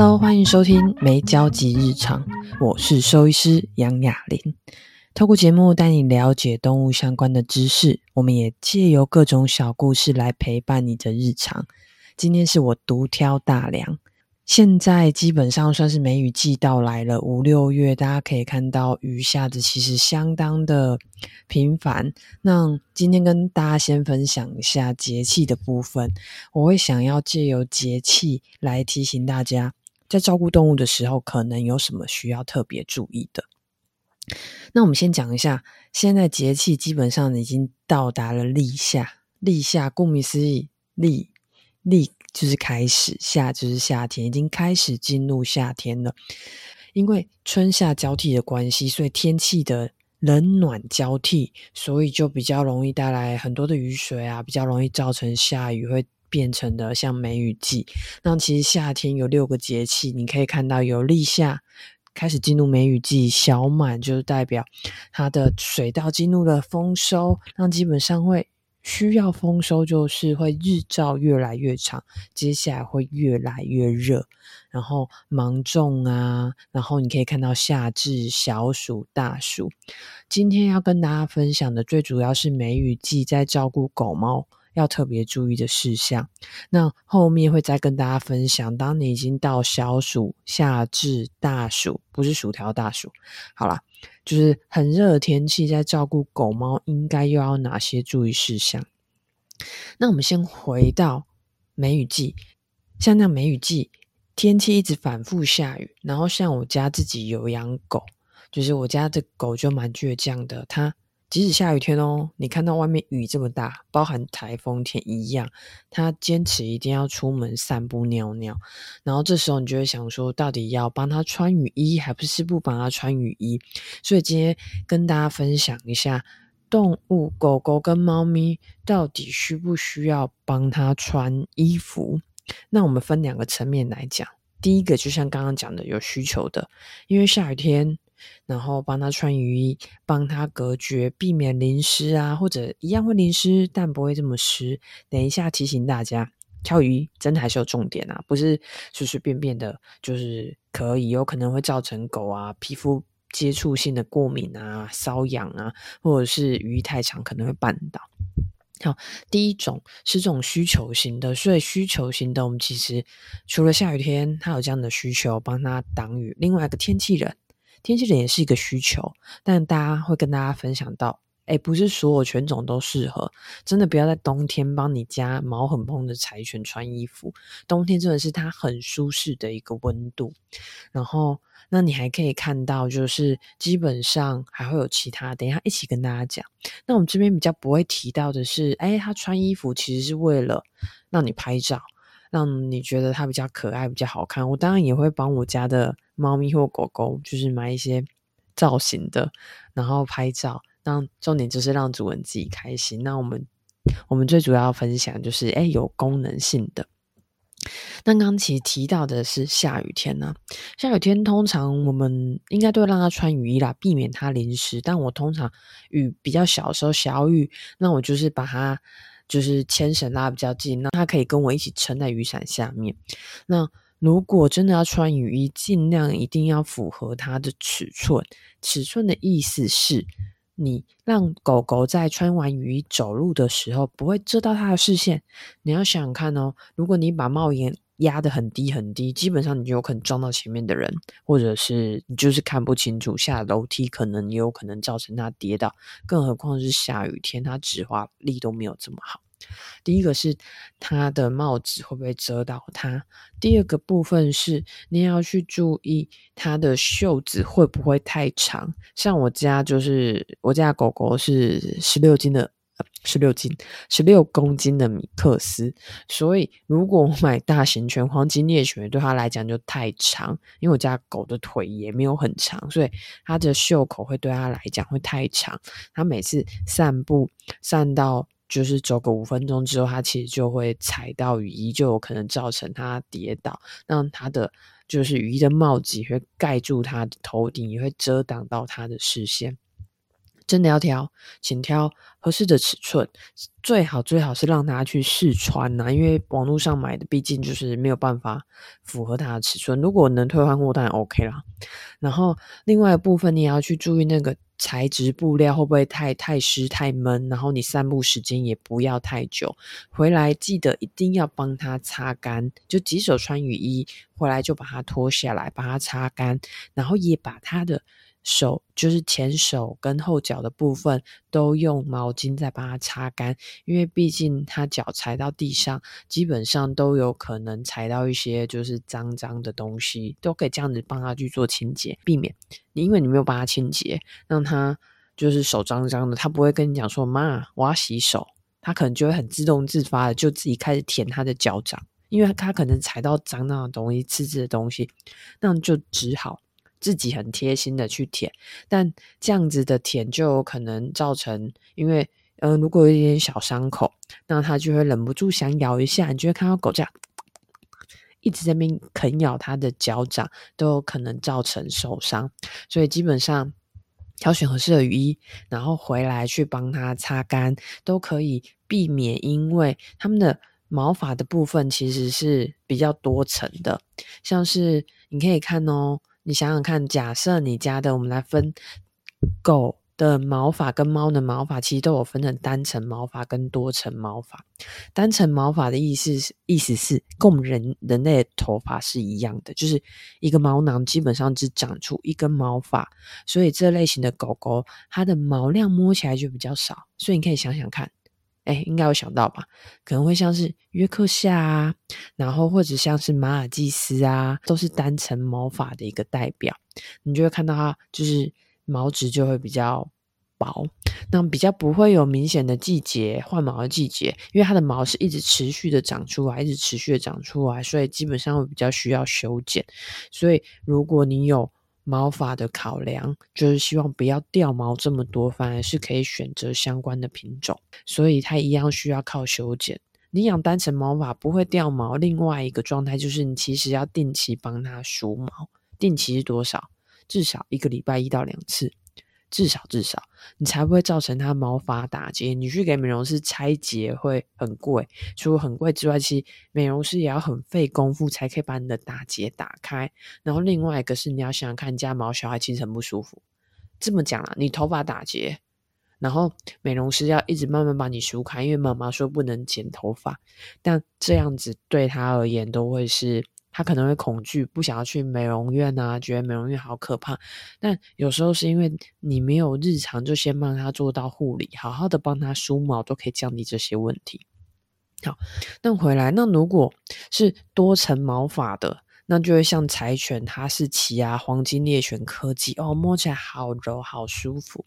Hello，歡迎收聽《沒交集日常》，我是獸醫師楊雅鈴。透過節目帶你了解動物相關的知識，我們也借由各種小故事來陪伴你的日常。今天是我獨挑大樑，現在基本上算是梅雨季到來了，五六月大家可以看到雨下的其實相當的頻繁。那今天跟大家先分享一下節氣的部分，我會想要借由節氣來提醒大家。在照顧動物的時候，可能有什麼需要特別注意的？那我們先講一下，現在節氣基本上已經到達了立夏。立夏顧名思義，立立就是開始，夏就是夏天，已經開始進入夏天了。因為春夏交替的關係，所以天氣的冷暖交替，所以就比較容易帶來很多的雨水啊，比較容易造成下雨會。變成的像梅雨季，那其實夏天有六個節氣，你可以看到有立夏開始進入梅雨季，小滿就是代表它的水稻進入了豐收，那基本上會需要豐收，就是會日照越來越長，接下來會越來越熱，然後芒種啊，然後你可以看到夏至、小暑、大暑。今天要跟大家分享的最主要是梅雨季在照顧狗貓，要特別注意的事項，那後面會再跟大家分享。當你已經到小暑、夏至、大暑，不是薯條大暑，好啦，就是很熱的天氣，在照顧狗貓，應該又要哪些注意事項？那我們先回到梅雨季，像那梅雨季天氣一直反覆下雨，然後像我家自己有養狗，就是我家的狗就蠻倔強的，它。即使下雨天哦，你看到外面雨這麼大，包含台風天一樣，他堅持一定要出門散步、尿尿。然後這時候你就會想說，到底要幫他穿雨衣，還不是不幫他穿雨衣？所以今天跟大家分享一下，動物、狗狗跟貓咪到底需不需要幫他穿衣服？那我們分兩個層面來講。第一個就像剛剛講的，有需求的，因為下雨天。然後幫他穿雨衣，幫他隔絕，避免淋濕啊，或者一樣會淋濕，但不會這麼濕。等一下提醒大家，挑雨衣真的還是有重點啊，不是隨隨便便的，就是可以有可能會造成狗啊皮膚接觸性的過敏啊、瘙癢啊，或者是雨衣太長可能會絆倒。好，第一種是這種需求型的，所以需求型的我們其實除了下雨天它有這樣的需求，幫他擋雨，另外一個天氣熱。天氣冷也是一個需求，但大家會跟大家分享到，哎，不是所有犬種都適合，真的不要在冬天幫你家毛很蓬的柴犬穿衣服，冬天真的是它很舒適的一個溫度。然後，那你還可以看到，就是基本上還會有其他的，等一下一起跟大家講。那我們這邊比較不會提到的是，哎，它穿衣服其實是為了讓你拍照。讓你覺得它比較可愛、比較好看，我當然也會幫我家的貓咪或狗狗，就是買一些造型的，然後拍照。那重點就是讓主人自己開心。那我們我們最主要分享就是，誒，有功能性的。那剛剛其實提到的是下雨天呢、啊，下雨天通常我們應該都讓它穿雨衣啦，避免它淋濕。但我通常雨比較小的時候，小雨，那我就是把它。就是牽繩拉比較近，那它可以跟我一起撐在雨傘下面。那如果真的要穿雨衣，儘量一定要符合它的尺寸。尺寸的意思是，你讓狗狗在穿完雨衣走路的時候，不會遮到它的視線。你要想想看哦，如果你把帽檐。壓得很低很低，基本上你就有可能撞到前面的人，或者是你就是看不清楚下樓梯，可能也有可能造成它跌倒。更何況是下雨天，它止滑力都沒有這麼好。第一個是它的帽子會不會遮到它？第二個部分是你要去注意它的袖子會不會太長。像我家就是我家狗狗是十六斤的。十六斤，十六公斤的米克斯，所以如果我買大型犬、黃金獵犬，對他來講就太長，因為我家狗的腿也沒有很長，所以它的袖口會對他來講會太長。它每次散步，散到就是走個五分鐘之後，它其實就會踩到雨衣，就有可能造成它跌倒，讓它的就是雨衣的帽子會蓋住它的頭頂，也會遮擋到它的視線。真的要挑，請挑合適的尺寸，最好最好是讓他去試穿啊，因為網絡上買的畢竟就是沒有辦法符合他的尺寸。如果能退換貨當然 OK 啦。然後另外一部分你也要去注意那個材質布料會不會太太濕太悶，然後你散步時間也不要太久，回來記得一定要幫他擦乾，就幾手穿雨衣回來就把它脫下來，把它擦乾，然後也把它的。手就是前手跟後腳的部分，都用毛巾再幫他擦乾，因為畢竟他腳踩到地上，基本上都有可能踩到一些就是髒髒的東西，都可以這樣子幫他去做清潔，避免你因為你沒有幫他清潔，讓他就是手髒髒的，他不會跟你講說，媽，我要洗手，他可能就會很自動自發的就自己開始舔他的腳掌，因為他可能踩到髒髒的東西、刺激的東西，那就只好。自己很貼心的去舔，但這樣子的舔就有可能造成，因為，嗯、呃，如果有一點小傷口，那它就會忍不住想咬一下，你就會看到狗這樣一直在邊啃咬它的腳掌，都有可能造成受傷。所以基本上挑選合適的雨衣，然後回來去幫它擦乾，都可以避免。因為它們的毛髮的部分其實是比較多層的，像是你可以看哦。你想想看，假設你家的，我們來分狗的毛髮跟貓的毛髮，其實都有分成單層毛髮跟多層毛髮。單層毛髮的意思,意思是，意思是跟我們人人類的頭髮是一樣的，就是一個毛囊基本上只長出一根毛髮，所以這類型的狗狗它的毛量摸起來就比較少。所以你可以想想看。哎、欸，應該有想到吧？可能會像是約克夏啊，然後或者像是馬爾濟斯啊，都是單層毛髮的一個代表。你就會看到它，就是毛質就會比較薄，那比較不會有明顯的季節換毛的季節，因為它的毛是一直持續的長出來，一直持續的長出來，所以基本上會比較需要修剪。所以如果你有毛髮的考量，就是希望不要掉毛這麼多，反而是可以選擇相關的品種，所以它一樣需要靠修剪。你養單層毛髮不會掉毛，另外一個狀態就是你其實要定期幫它梳毛。定期是多少？至少一個禮拜一到兩次。至少至少，你才不會造成它毛髮打結。你去給美容師拆結會很貴，除了很貴之外，其實美容師也要很費功夫才可以把你的打結打開。然後另外一個是，你要想想看，你家毛小孩精神不舒服。這麼講了、啊，你頭髮打結，然後美容師要一直慢慢把你梳開，因為媽媽說不能剪頭髮，但這樣子對他而言都會是。他可能會恐懼，不想要去美容院啊，覺得美容院好可怕。但有時候是因為你沒有日常就先幫他做到護理，好好的幫他梳毛，都可以降低這些問題。好，那回來，那如果是多層毛髮的。那就會像柴犬、哈士奇啊、黃金獵犬、柯基哦，摸起來好柔、好舒服。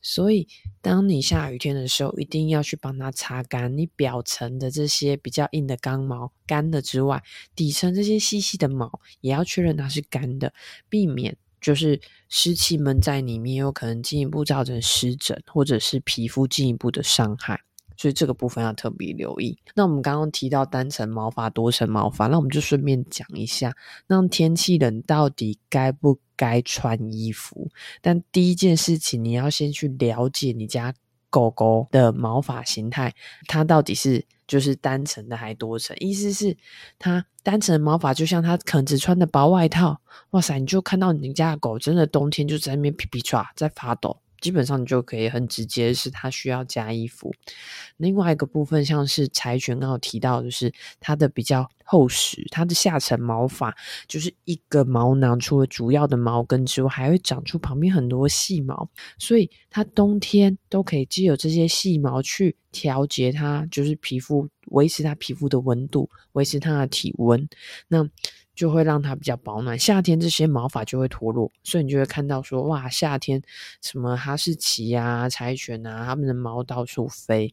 所以，當你下雨天的時候，一定要去幫它擦乾。你表層的這些比較硬的剛毛乾的之外，底層這些細細的毛也要確認它是乾的，避免就是濕氣悶在裡面，有可能進一步造成濕疹或者是皮膚進一步的傷害。所以這個部分要特別留意。那我們剛剛提到單層毛髮、多層毛髮，那我們就順便講一下，那種天氣冷到底該不該穿衣服？但第一件事情，你要先去了解你家狗狗的毛髮形態，它到底是就是單層的還多層。意思是，它單層毛髮就像它可能只穿的薄外套，哇塞，你就看到你家的狗真的冬天就在那邊皮皮唰在發抖。基本上你就可以很直接，是它需要加衣服。另外一個部分，像是柴犬，剛好提到，就是它的比較厚實，它的下層毛髮就是一個毛囊，除了主要的毛根之外，還會長出旁邊很多細毛，所以它冬天都可以藉由這些細毛去調節它，就是皮膚維持它皮膚的溫度，維持它的體溫。那就會讓它比較保暖。夏天這些毛髮就會脫落，所以你就會看到說哇，夏天什麼哈士奇呀、啊、柴犬啊它們的毛到處飛，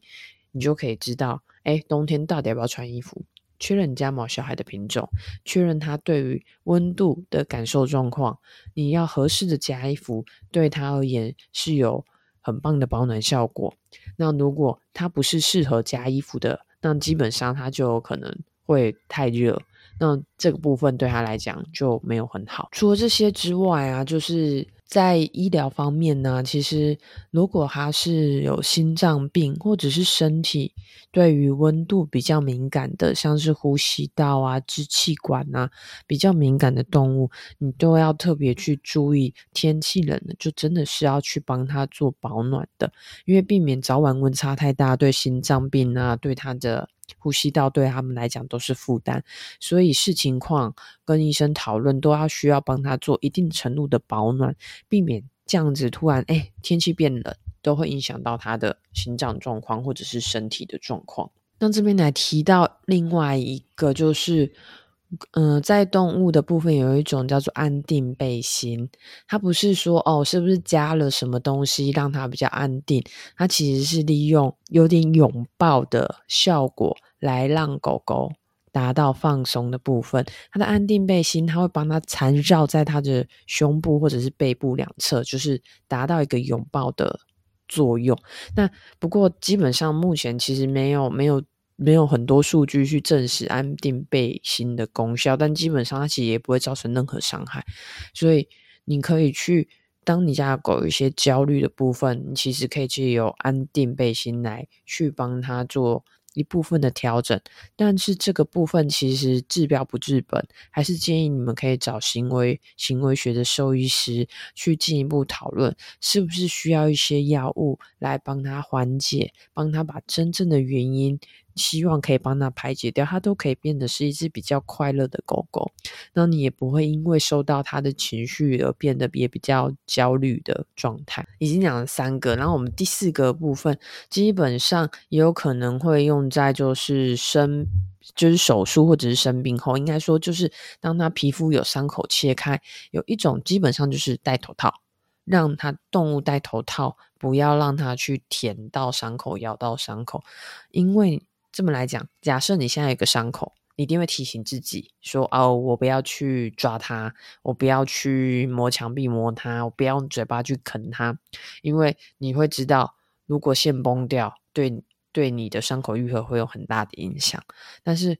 你就可以知道，誒冬天到底要不要穿衣服？確認你家毛小孩的品種，確認它對於溫度的感受狀況，你要合適的加衣服，對它而言是有很棒的保暖效果。那如果它不是適合加衣服的，那基本上它就有可能會太熱。那這個部分對他來講就沒有很好。除了這些之外啊，就是在醫療方面呢，其實如果他是有心臟病，或者是身體對於溫度比較敏感的，像是呼吸道啊、支氣管啊比較敏感的動物，你都要特別去注意。天氣冷了，就真的是要去幫他做保暖的，因為避免早晚溫差太大，對心臟病啊，對他的。呼吸道對他們來講都是負擔，所以視情況跟醫生討論，都要需要幫他做一定程度的保暖，避免這樣子突然，誒，天氣變冷，都會影響到他的心臟狀況或者是身體的狀況。那這邊來提到另外一個就是。嗯，在動物的部分有一種叫做安定背心，它不是說哦，是不是加了什麼東西讓它比較安定，它其實是利用有點擁抱的效果來讓狗狗達到放鬆的部分。它的安定背心，它會幫它纏繞在它的胸部或者是背部兩側，就是達到一個擁抱的作用。那不過基本上目前其實沒有沒有。沒有很多數據去證實安定背心的功效，但基本上它其實也不會造成任何傷害，所以你可以去，當你家的狗有一些焦慮的部分，你其實可以藉由安定背心來去幫他做一部分的調整，但是這個部分其實治標不治本，還是建議你們可以找行為行為學的獸醫師去進一步討論，是不是需要一些藥物來幫他緩解，幫他把真正的原因。希望可以幫他排解掉，它都可以變得是一隻比較快樂的狗狗。那你也不會因為受到他的情緒而變得也比較焦慮的狀態。已經講了三個，然後我們第四個部分基本上也有可能會用在就是生，就是手術或者是生病後，應該說就是當它皮膚有傷口切開，有一種基本上就是戴頭套，讓它動物戴頭套，不要讓它去舔到傷口、咬到傷口，因為。這麼來講，假設你現在有一個傷口，你一定會提醒自己說：“哦，我不要去抓它，我不要去摸牆壁摸它，我不要用嘴巴去啃它，因為你會知道，如果線崩掉，對，對你的傷口癒合會有很大的影響。但是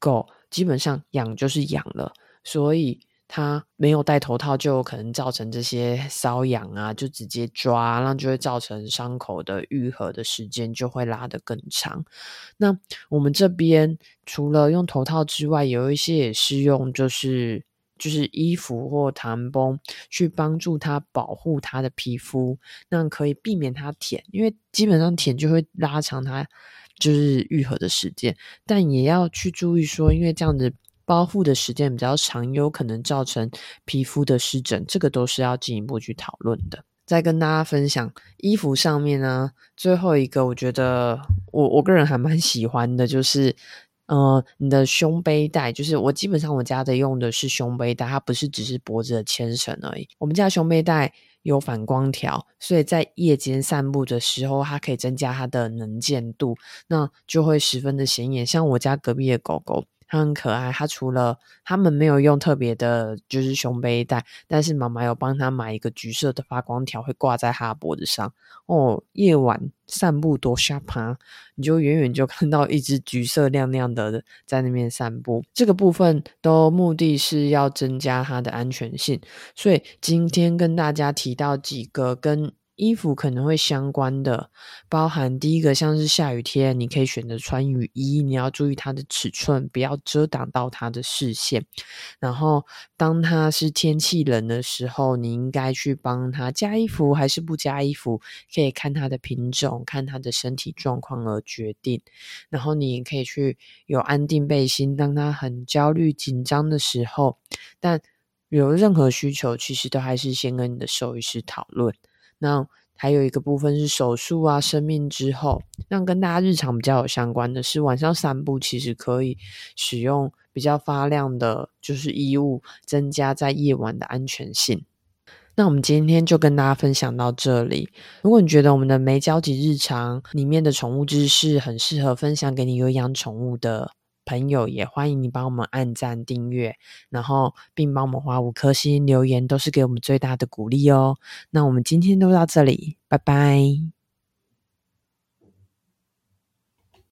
狗基本上癢就是癢了，所以。”他沒有戴頭套，就可能造成這些瘙癢啊，就直接抓，那就會造成傷口的愈合的時間就會拉得更長。那我們這邊除了用頭套之外，有一些也是用，就是就是衣服或彈繃去幫助他保護他的皮膚，那可以避免他舔，因為基本上舔就會拉長他就是愈合的時間。但也要去注意說，因為這樣子。包覆的時間比較長，有可能造成皮膚的濕疹，這個都是要進一步去討論的。再跟大家分享衣服上面呢，最後一個我覺得我我個人還蠻喜歡的，就是呃，你的胸背帶，就是我基本上我家的用的是胸背帶，它不是只是脖子的牽繩而已。我們家胸背帶有反光條，所以在夜間散步的時候，它可以增加它的能見度，那就會十分的顯眼，像我家隔壁的狗狗，它很可愛，他除了他們沒有用特別的，就是胸背帶，但是媽媽有幫他買一個橘色的發光條，會掛在他脖子上。哦，夜晚散步多嚇趴，你就遠遠就看到一隻橘色亮亮的在那邊散步。這個部分都目的是要增加它的安全性，所以今天跟大家提到幾個跟。衣服可能會相關的，包含第一個像是下雨天，你可以選擇穿雨衣，你要注意它的尺寸，不要遮擋到他的視線。然後當他是天氣冷的時候，你應該去幫他加衣服，還是不加衣服，可以看他的品種、看他的身體狀況而決定。然後你可以去有安定背心，當他很焦慮緊張的時候。但有任何需求，其實都還是先跟你的獸醫師討論。那還有一個部分是手術啊，生病之後。那跟大家日常比較有相關的是，晚上散步其實可以使用比較發亮的，就是衣物，增加在夜晚的安全性。那我們今天就跟大家分享到這裡。如果你覺得我們的《沒交集日常》裡面的寵物知識很適合分享給你有養寵物的朋友也歡迎你幫我們按讚訂閱，然後並幫我們花五顆星留言，都是給我們最大的鼓勵哦。那我們今天就到這裡，拜拜。